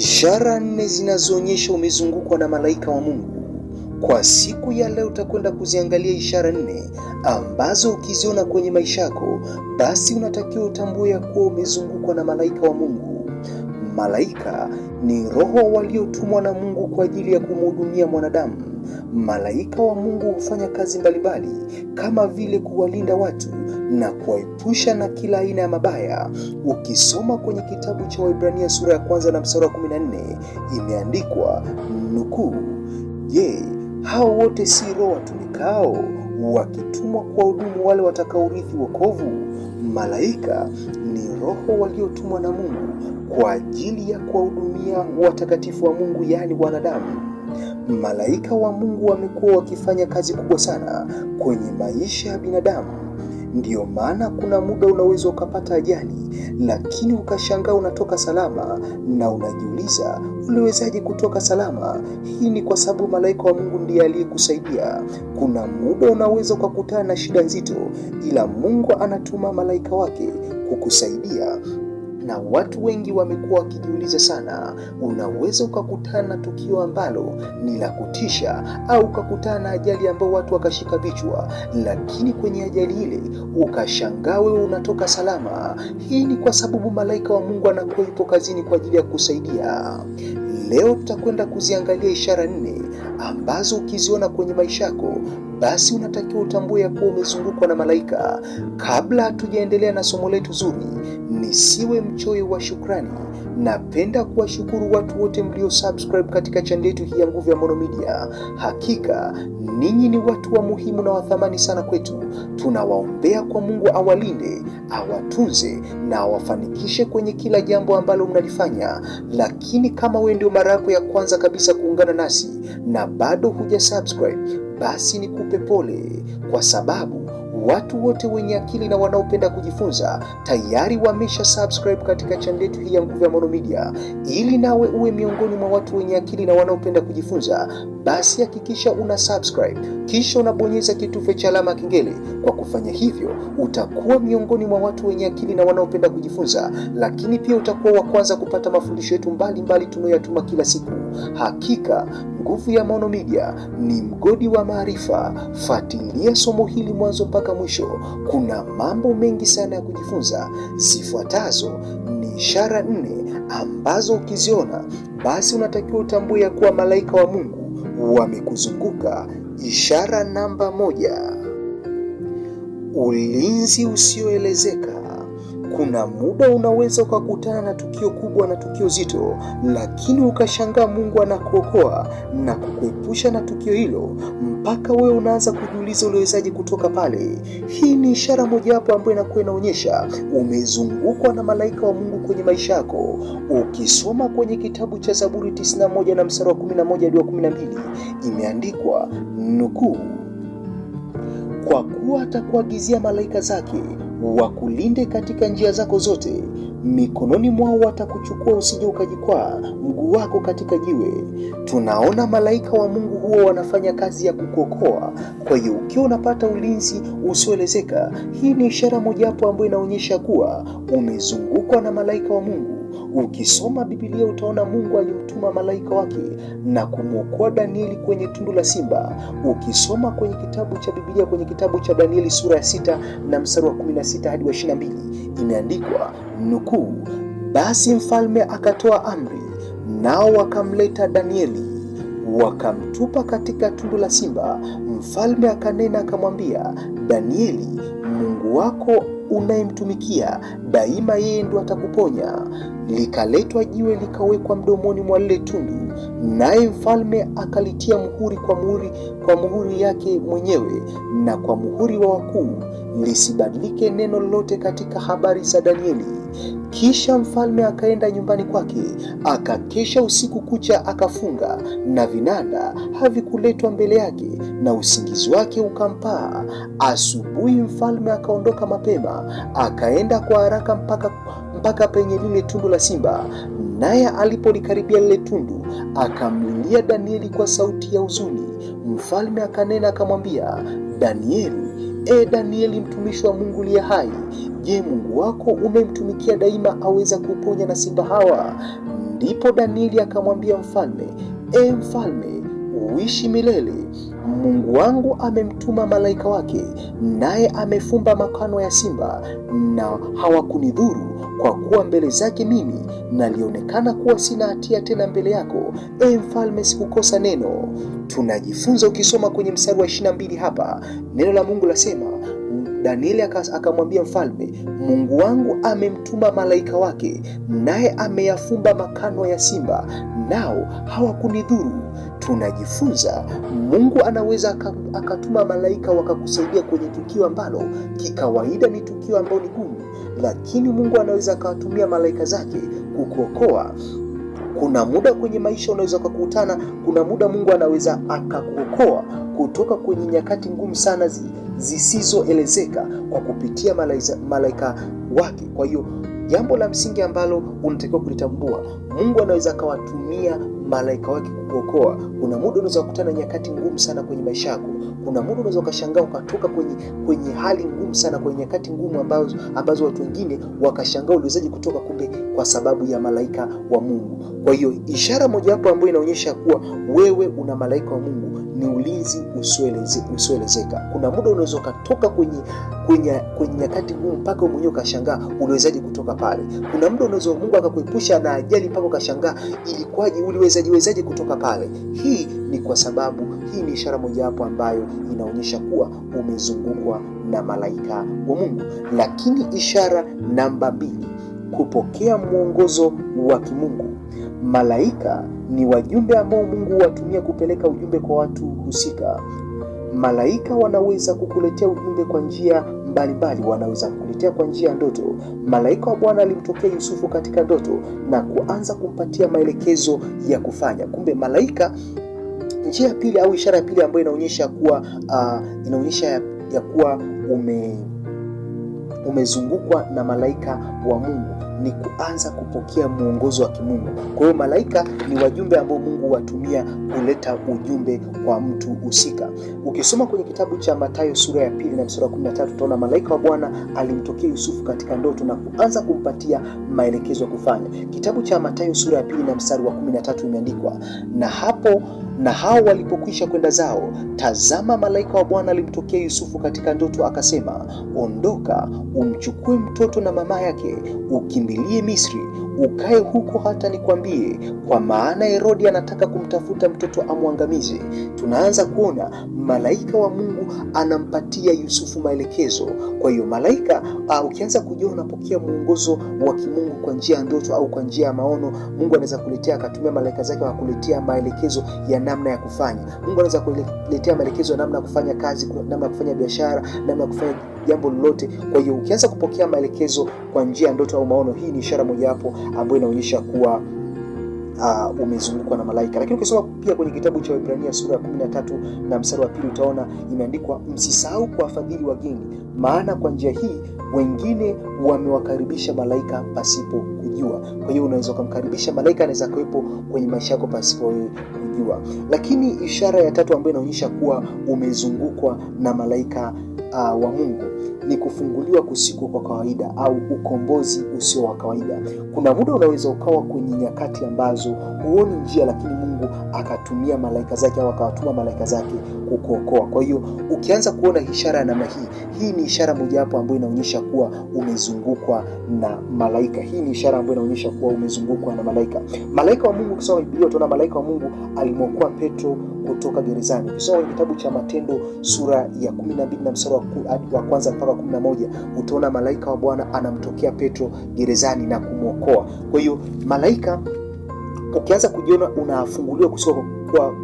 ishara nne zinazoonyesha umezungukwa na malaika wa Mungu. Kwa siku ya leo utakwenda kuziangalia ishara nne ambazo ukiziona kwenye maisha yako, basi unatakiwa utambue ya kuwa umezungukwa na malaika wa Mungu. Malaika ni roho waliotumwa na Mungu kwa ajili ya kumhudumia mwanadamu. Malaika wa Mungu hufanya kazi mbalimbali kama vile kuwalinda watu na kuwaepusha na kila aina ya mabaya. Ukisoma kwenye kitabu cha Waibrania sura ya kwanza na mstari wa 14 imeandikwa nukuu, Je, hao wote si roho watumikao wakitumwa kwa hudumu wale watakaorithi wokovu? Malaika ni roho waliotumwa na Mungu kwa ajili ya kuwahudumia watakatifu wa Mungu, yaani wanadamu. Malaika wa Mungu wamekuwa wakifanya kazi kubwa sana kwenye maisha ya binadamu Ndiyo maana kuna muda unaweza ukapata ajali, lakini ukashangaa unatoka salama, na unajiuliza uliwezaje kutoka salama. Hii ni kwa sababu malaika wa Mungu ndiye aliyekusaidia. Kuna muda unaweza ukakutana na shida nzito, ila Mungu anatuma malaika wake kukusaidia na watu wengi wamekuwa wakijiuliza sana. Unaweza ukakutana na tukio ambalo ni la kutisha, au ukakutana na ajali ambayo watu wakashika vichwa, lakini kwenye ajali ile ukashangaa wewe unatoka salama. Hii ni kwa sababu malaika wa Mungu anakuwa yupo kazini kwa ajili ya kusaidia. Leo tutakwenda kuziangalia ishara nne ambazo ukiziona kwenye maisha yako basi unatakiwa utambue ya kuwa umezungukwa na malaika. Kabla hatujaendelea na somo letu zuri, nisiwe mchoyo wa shukrani. Napenda kuwashukuru watu wote mlio subscribe katika chaneli yetu hii ya Nguvu ya Maono Media. Hakika ninyi ni watu wa muhimu na wathamani sana kwetu. Tunawaombea kwa Mungu awalinde, awatunze na awafanikishe kwenye kila jambo ambalo mnalifanya. Lakini kama wewe ndio mara yako ya kwanza kabisa kuungana nasi na bado huja subscribe basi nikupe pole, kwa sababu watu wote wenye akili na wanaopenda kujifunza tayari wamesha subscribe katika channel yetu hii ya Nguvu ya Maono Media. Ili nawe uwe miongoni mwa watu wenye akili na wanaopenda kujifunza, basi hakikisha una subscribe kisha unabonyeza kitufe cha alama kengele. Kwa kufanya hivyo, utakuwa miongoni mwa watu wenye akili na wanaopenda kujifunza, lakini pia utakuwa wa kwanza kupata mafundisho yetu mbalimbali tunayoyatuma kila siku. Hakika Nguvu ya Maono Media ni mgodi wa maarifa. Fuatilia somo hili mwanzo mpaka mwisho. Kuna mambo mengi sana ya kujifunza. Zifuatazo ni ishara nne ambazo ukiziona basi unatakiwa utambue ya kuwa malaika wa Mungu wamekuzunguka. Ishara namba moja: ulinzi usioelezeka. Kuna muda unaweza ukakutana na tukio kubwa na tukio zito, lakini ukashangaa Mungu anakuokoa na kukuepusha na tukio hilo, mpaka wewe unaanza kujiuliza uliwezaje kutoka pale. Hii ni ishara mojawapo ambayo inakuwa inaonyesha umezungukwa na malaika wa Mungu kwenye maisha yako. Ukisoma kwenye kitabu cha Zaburi 91 na mstari wa 11 hadi wa 12, imeandikwa nukuu, kwa kuwa atakuagizia malaika zake wakulinde katika njia zako zote, mikononi mwao watakuchukua, usije ukajikwaa mguu wako katika jiwe. Tunaona malaika wa Mungu huwa wanafanya kazi ya kukuokoa. Kwa hiyo ukiwa unapata ulinzi usioelezeka, hii ni ishara mojawapo ambayo inaonyesha kuwa umezungukwa na malaika wa Mungu. Ukisoma Biblia utaona Mungu alimtuma malaika wake na kumwokoa Danieli kwenye tundu la simba. Ukisoma kwenye kitabu cha Biblia kwenye kitabu cha Danieli sura ya sita na mstari wa 16 hadi wa 22 imeandikwa nukuu, basi mfalme akatoa amri, nao wakamleta Danieli wakamtupa katika tundu la simba. Mfalme akanena akamwambia Danieli, Mungu wako unayemtumikia daima, yeye ndo atakuponya. Likaletwa jiwe likawekwa mdomoni mwa lile tundu, naye mfalme akalitia muhuri kwa muhuri kwa muhuri yake mwenyewe na kwa muhuri wa wakuu, lisibadilike neno lolote katika habari za Danieli. Kisha mfalme akaenda nyumbani kwake, akakesha usiku kucha, akafunga na vinanda havikuletwa mbele yake, na usingizi wake ukampaa. Asubuhi mfalme akaondoka mapema, akaenda kwa haraka mpaka mpaka penye lile tundu la simba, naye alipolikaribia lile tundu akamlilia Danieli kwa sauti ya huzuni. Mfalme akanena akamwambia, Danieli, E Danieli, mtumishi wa Mungu liye hai, je, Mungu wako umemtumikia daima aweza kuponya na simba hawa? Ndipo Danieli akamwambia mfalme, e mfalme, uishi milele. Mungu wangu amemtuma malaika wake, naye amefumba makano ya simba, na hawakunidhuru kwa kuwa mbele zake mimi nalionekana kuwa sina hatia tena mbele yako, e mfalme, sikukosa neno. Tunajifunza ukisoma kwenye mstari wa 22 hapa, neno la Mungu lasema Danieli akamwambia mfalme, Mungu wangu amemtuma malaika wake, naye ameyafumba makano ya simba, nao hawakunidhuru. Tunajifunza Mungu anaweza akatuma malaika wakakusaidia kwenye tukio ambalo kikawaida ni tukio ambalo ni gumu, lakini Mungu anaweza akawatumia malaika zake kukuokoa. Kuna muda kwenye maisha unaweza ukakutana, kuna muda Mungu anaweza akakuokoa kutoka kwenye nyakati ngumu sana zi zisizoelezeka kwa kupitia malaika, malaika wake. Kwa hiyo jambo la msingi ambalo unatakiwa kulitambua, Mungu anaweza akawatumia malaika wake kukuokoa. Kuna muda unaweza kukutana nyakati ngumu sana kwenye maisha yako. Kuna muda unaweza ukashangaa ukatoka kwenye, kwenye hali ngumu sana, kwenye nyakati ngumu ambazo, ambazo watu wengine wakashangaa uliwezaje kutoka, kumbe kwa sababu ya malaika wa Mungu. Kwa hiyo ishara mojawapo ambayo inaonyesha kuwa wewe una malaika wa Mungu ni ulinzi usioelezeka. Kuna muda unaweza ukatoka kwenye kwenye kwenye nyakati ngumu mpaka wewe mwenyewe ukashangaa uliwezaje kutoka pale. Kuna muda unaweza Mungu akakuepusha na ajali mpaka ukashangaa ilikwaje uliweza uwezaji wezaji kutoka pale. Hii ni kwa sababu hii ni ishara mojawapo ambayo inaonyesha kuwa umezungukwa na malaika wa Mungu. Lakini ishara namba mbili, kupokea mwongozo wa kimungu. Malaika ni wajumbe ambao Mungu huwatumia kupeleka ujumbe kwa watu husika. Malaika wanaweza kukuletea ujumbe kwa njia mbalimbali wanaweza kukuletea kwa njia ya ndoto. Malaika wa Bwana alimtokea Yusufu katika ndoto na kuanza kumpatia maelekezo ya kufanya. Kumbe malaika, njia ya pili au ishara ya pili ambayo inaonyesha kuwa uh, inaonyesha ya, ya kuwa ume umezungukwa na malaika wa Mungu ni kuanza kupokea mwongozo wa kimungu. Kwa hiyo malaika ni wajumbe ambao Mungu watumia kuleta ujumbe kwa mtu husika. Ukisoma kwenye kitabu cha Mathayo sura ya pili na kumi na tatu utaona malaika wa Bwana alimtokea Yusufu katika ndoto na kuanza kumpatia maelekezo ya kufanya. Kitabu cha Mathayo sura ya pili na mstari wa kumi na tatu imeandikwa, na hapo na hao walipokwisha kwenda zao, tazama, malaika wa Bwana alimtokea Yusufu katika ndoto akasema, ondoka umchukue mtoto na mama yake uki मिलिए मिश्री ukae huko hata nikwambie, kwa maana Herodi anataka kumtafuta mtoto amwangamize. Tunaanza kuona malaika wa Mungu anampatia Yusufu maelekezo. Kwa hiyo malaika uh, ukianza kujua unapokea mwongozo wa kimungu kwa njia ya ndoto au kwa njia ya maono, Mungu anaweza kuletea akatumia malaika zake wakuletea maelekezo ya namna ya kufanya. Mungu anaweza kuletea maelekezo ya namna ya kufanya kazi, namna ya kufanya biashara, namna ya kufanya jambo lolote. Kwa hiyo ukianza kupokea maelekezo kwa njia ya ndoto au maono, hii ni ishara mojawapo ambayo inaonyesha kuwa uh, umezungukwa na malaika. Lakini ukisoma pia kwenye kitabu cha Waebrania sura ya 13 na mstari wa pili utaona imeandikwa, msisahau kuwafadhili wageni, maana kwa njia hii wengine wamewakaribisha malaika pasipo kujua. Kwa hiyo unaweza ukamkaribisha malaika, anaweza kuwepo kwenye maisha yako pasipo kujua. Lakini ishara ya tatu ambayo inaonyesha kuwa umezungukwa na malaika uh, wa Mungu ni kufunguliwa kusiko kwa kawaida au ukombozi usio wa kawaida. Kuna muda unaweza ukawa kwenye nyakati ambazo huoni njia, lakini Mungu Mungu akatumia malaika zake au akawatuma malaika zake kukuokoa. Kwa hiyo ukianza kuona ishara ya namna hii, hii ni ishara mojawapo ambayo inaonyesha kuwa umezungukwa na malaika. Hii ni ishara ambayo inaonyesha kuwa umezungukwa na malaika. Malaika wa Mungu, ukisoma Biblia utaona malaika wa Mungu alimwokoa Petro kutoka gerezani. Ukisoma kwenye kitabu cha Matendo sura ya 12 na mstari wa kwanza mpaka 11 utaona malaika wa Bwana anamtokea Petro gerezani na kumwokoa. Kwa hiyo malaika ukianza kujiona unafunguliwa kusiko kwa,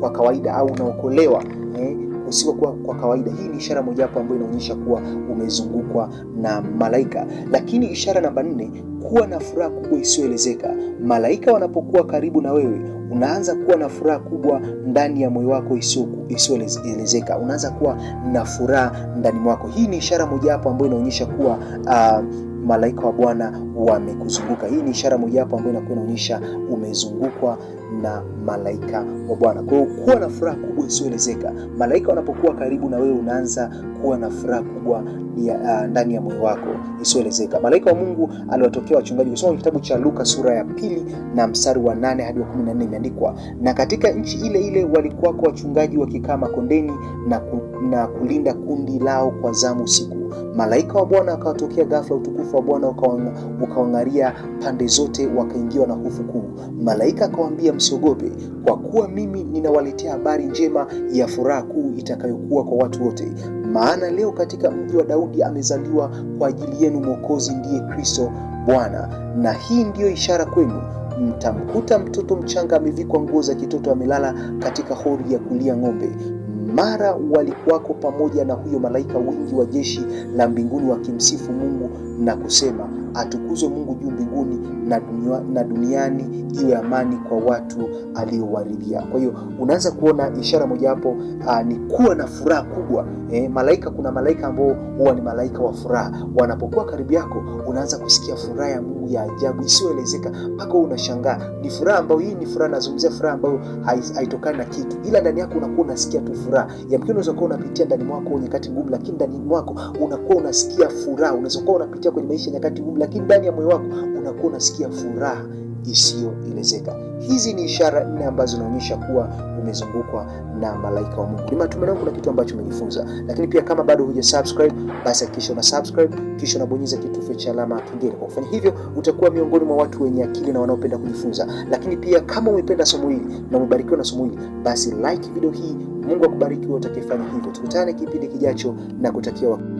kwa kawaida au unaokolewa eh, usiko kwa, kwa kawaida, hii ni ishara mojawapo ambayo inaonyesha kuwa umezungukwa na malaika. Lakini ishara namba nne, kuwa na furaha kubwa isiyoelezeka. Malaika wanapokuwa karibu na wewe, unaanza kuwa na furaha kubwa ndani ya moyo wako isiyoelezeka, unaanza kuwa na furaha ndani mwako. Hii ni ishara mojawapo ambayo inaonyesha kuwa uh, malaika wa Bwana wamekuzunguka. Hii ni ishara mojawapo ambayo inakuwa inaonyesha umezungukwa na malaika wa Bwana. Kwa hiyo kuwa na furaha kubwa isiyoelezeka. Malaika wanapokuwa karibu na wewe, unaanza kuwa na furaha kubwa ya ah, ndani ya moyo wako isiyoelezeka. Malaika wa Mungu aliwatokea wachungaji, kusoma kitabu cha Luka sura ya pili na mstari wa nane hadi wa kumi na nne imeandikwa, na katika nchi ile ile walikuwako wachungaji wakikaa makondeni na, ku, na kulinda kundi lao kwa zamu usiku malaika wa Bwana akawatokea ghafla, utukufu wa Bwana ukawang'aria pande zote, wakaingiwa na hofu kuu. Malaika akawaambia, msiogope, kwa kuwa mimi ninawaletea habari njema ya furaha kuu itakayokuwa kwa watu wote, maana leo katika mji wa Daudi amezaliwa kwa ajili yenu Mwokozi, ndiye Kristo Bwana. Na hii ndiyo ishara kwenu mtamkuta mtoto mchanga amevikwa nguo za kitoto, amelala katika hori ya kulia ng'ombe mara walikuwako pamoja na huyo malaika wingi wa jeshi la mbinguni wakimsifu Mungu na kusema, atukuzwe Mungu juu mbinguni na, dunia, na duniani iwe amani kwa watu aliowaridhia. Kwa hiyo unaanza kuona ishara mojawapo ah, ni kuwa na furaha kubwa eh. Malaika, kuna malaika ambao huwa ni malaika wa furaha, wanapokuwa karibu yako unaanza kusikia furaha ya Mungu ya ajabu isiyoelezeka mpaka wewe unashangaa. Ni furaha ambayo hii ni furaha, nazungumzia furaha ambayo haitokani na kitu, ila ndani yako unakuwa unasikia tu furaha. Yamkini unaweza kuwa unapitia ndani mwako nyakati ngumu, lakini ndani mwako unakuwa unasikia furaha. Unaweza kuwa unapitia kwenye maisha nyakati ngumu, lakini ndani ya moyo wako unakuwa unasikia furaha isiyoelezeka. Hizi ni ishara nne ambazo zinaonyesha kuwa umezungukwa na malaika wa Mungu. Ni matumaini kuna kitu ambacho umejifunza, lakini pia kama bado huja subscribe, basi hakikisha una subscribe kisha unabonyeza kitufe cha alama kengele. Kwa kufanya hivyo, utakuwa miongoni mwa watu wenye akili na wanaopenda kujifunza. Lakini pia kama umependa somo hili na umebarikiwa na somo hili, basi like video hii. Mungu akubariki wewe utakayefanya hivyo. Tukutane kipindi kijacho na kutakia